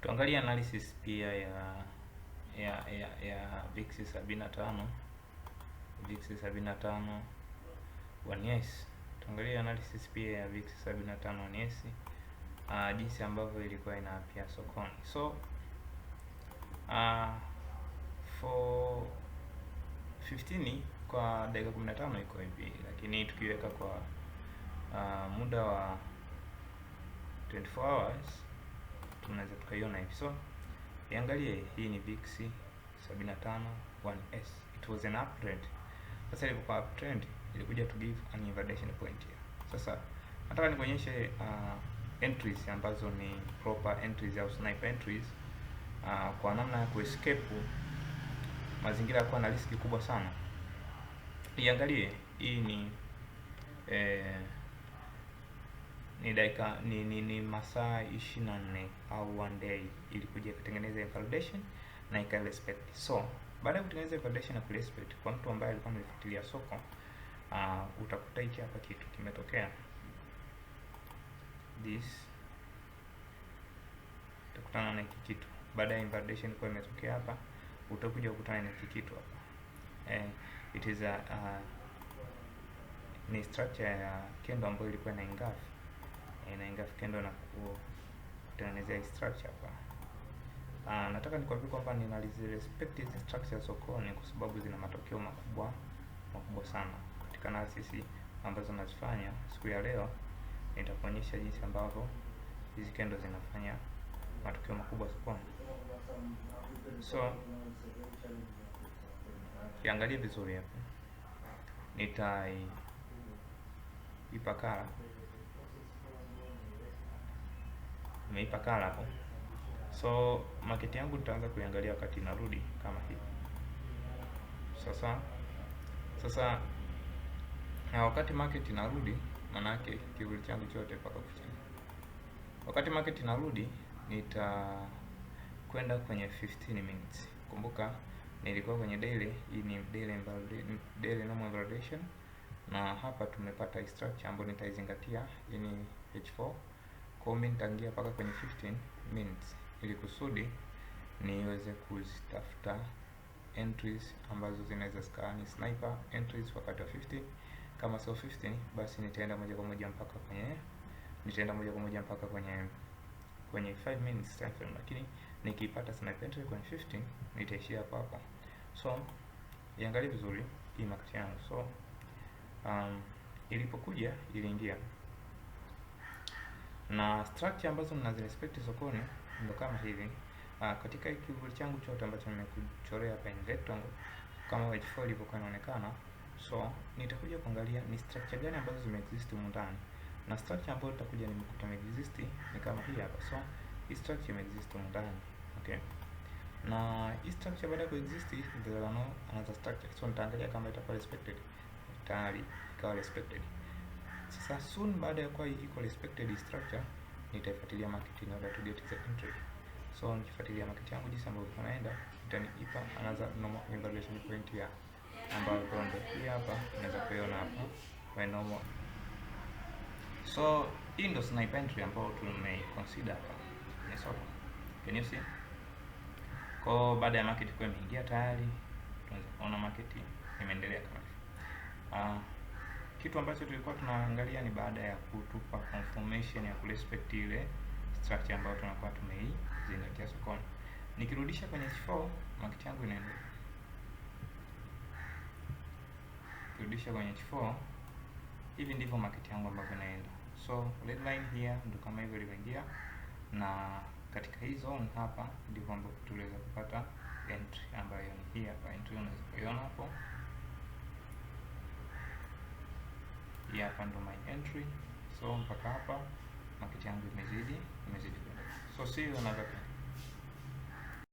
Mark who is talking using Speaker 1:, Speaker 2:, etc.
Speaker 1: Tuangalie analysis pia ya ya ya, ya VIX 75 VIX 75 one years. Tuangalie analysis pia ya VIX 75 one years uh, ah, jinsi ambavyo ilikuwa inaapia sokoni. So uh, for 15 kwa dakika 15 iko hivi, lakini tukiweka kwa uh, muda wa 24 hours tunaweza tukaiona hivi. So iangalie hii ni VIX 75 1S, it was an uptrend. Sasa kwa uptrend ilikuja to give an invalidation point here. Sasa nataka nikuonyeshe uh, entries ambazo ni proper entries au sniper entries uh, kwa namna ya kuescape mazingira ya kuwa na riski kubwa sana. Iangalie hii ni eh, ni dakika ni, ni, ni masaa 24 au one day ili kuja kutengeneza invalidation na ika respect. So baada ya kutengeneza invalidation na kurespect, kwa mtu ambaye alikuwa amefuatilia soko uh, utakuta hichi hapa kitu kimetokea this, utakutana na hiki kitu baada ya invalidation kwa imetokea hapa, utakuja kukutana na hiki kitu hapa eh, it is a, uh, ni structure ya uh, candle ambayo ilikuwa na engulf inaingia vitendo na kutengenezea hii structure hapa. Uh, ah, nataka nikwambie kwamba nina hizi structures sokoni kwa sababu zina matokeo makubwa makubwa sana katika analysis ambazo nazifanya siku ya leo. Nitakuonyesha jinsi ambavyo hizi kendo zinafanya matokeo makubwa sokoni. So kiangalie vizuri hapa, nitaipa nimeipaka hapo. So market yangu nitaanza kuiangalia wakati inarudi kama hivi. Sasa sasa na wakati market inarudi, manake kivuli changu chote mpaka kuchana. Wakati market inarudi, nitakwenda kwenye 15 minutes. Kumbuka nilikuwa kwenye daily, hii ni daily daily normal validation, na hapa tumepata structure ambayo nitaizingatia, yani H4 kwa hiyo mi nitaingia mpaka kwenye 15 minutes ili kusudi niweze kuzitafuta entries ambazo zinaweza zikawa sniper entries wakati wa 15 kama sio 15 basi nitaenda moja kwa moja mpaka kwenye nitaenda moja kwa moja mpaka kwenye kwenye 5 minutes time frame, lakini nikipata sniper entry kwenye 15 nitaishia hapo hapo. So iangalie vizuri hii makatiano. So um, ilipokuja iliingia na structure ambazo mnaziexpect sokoni ndo kama hivi. Uh, katika hiki kivuli changu chote ambacho nimekuchorea hapa ni rectangle kama wedge 4 ilivyokuwa inaonekana. So nitakuja kuangalia ni structure gani ambazo zimeexist humu ndani. Na structure ambayo nitakuja nimekuta imeexist ni kama hii hapa. So hii structure imeexist humu ndani. Okay. Na hii structure baada ya kuexist there are no another structure. So nitaangalia kama itakuwa respected. Tayari ikawa respected. Sasa soon baada ya kuwa equal respected structure, nitaifuatilia market in order to get the entry. So nikifuatilia market yangu jinsi ambavyo inaenda, itanipa another normal evaluation point ya ambayo kwa ndio hii hapa unaweza kuiona hapa kwa normal. So hii ndio sniper entry ambayo tume consider hapa ni soko. Can you see? Kwa baada ya market kwa imeingia tayari, tunaweza kuona market imeendelea kama hivi. Ah uh, kitu ambacho tulikuwa tunaangalia ni baada ya kutupa confirmation ya kurespect ile structure ambayo tunakuwa tumeizingatia sokoni. Nikirudisha kwenye H4 market yangu inaenda. Kirudisha kwenye H4 hivi ndivyo market yangu ambavyo inaenda. So red line here ndo kama hivyo ilivyoingia na katika hii zone hapa ndivyo ambapo tuliweza kupata entry ambayo ni hii hapa. Entry unaweza kuiona hapo. hii hapa ndo my entry. So mpaka hapa market yangu imezidi imezidi. So see you another time.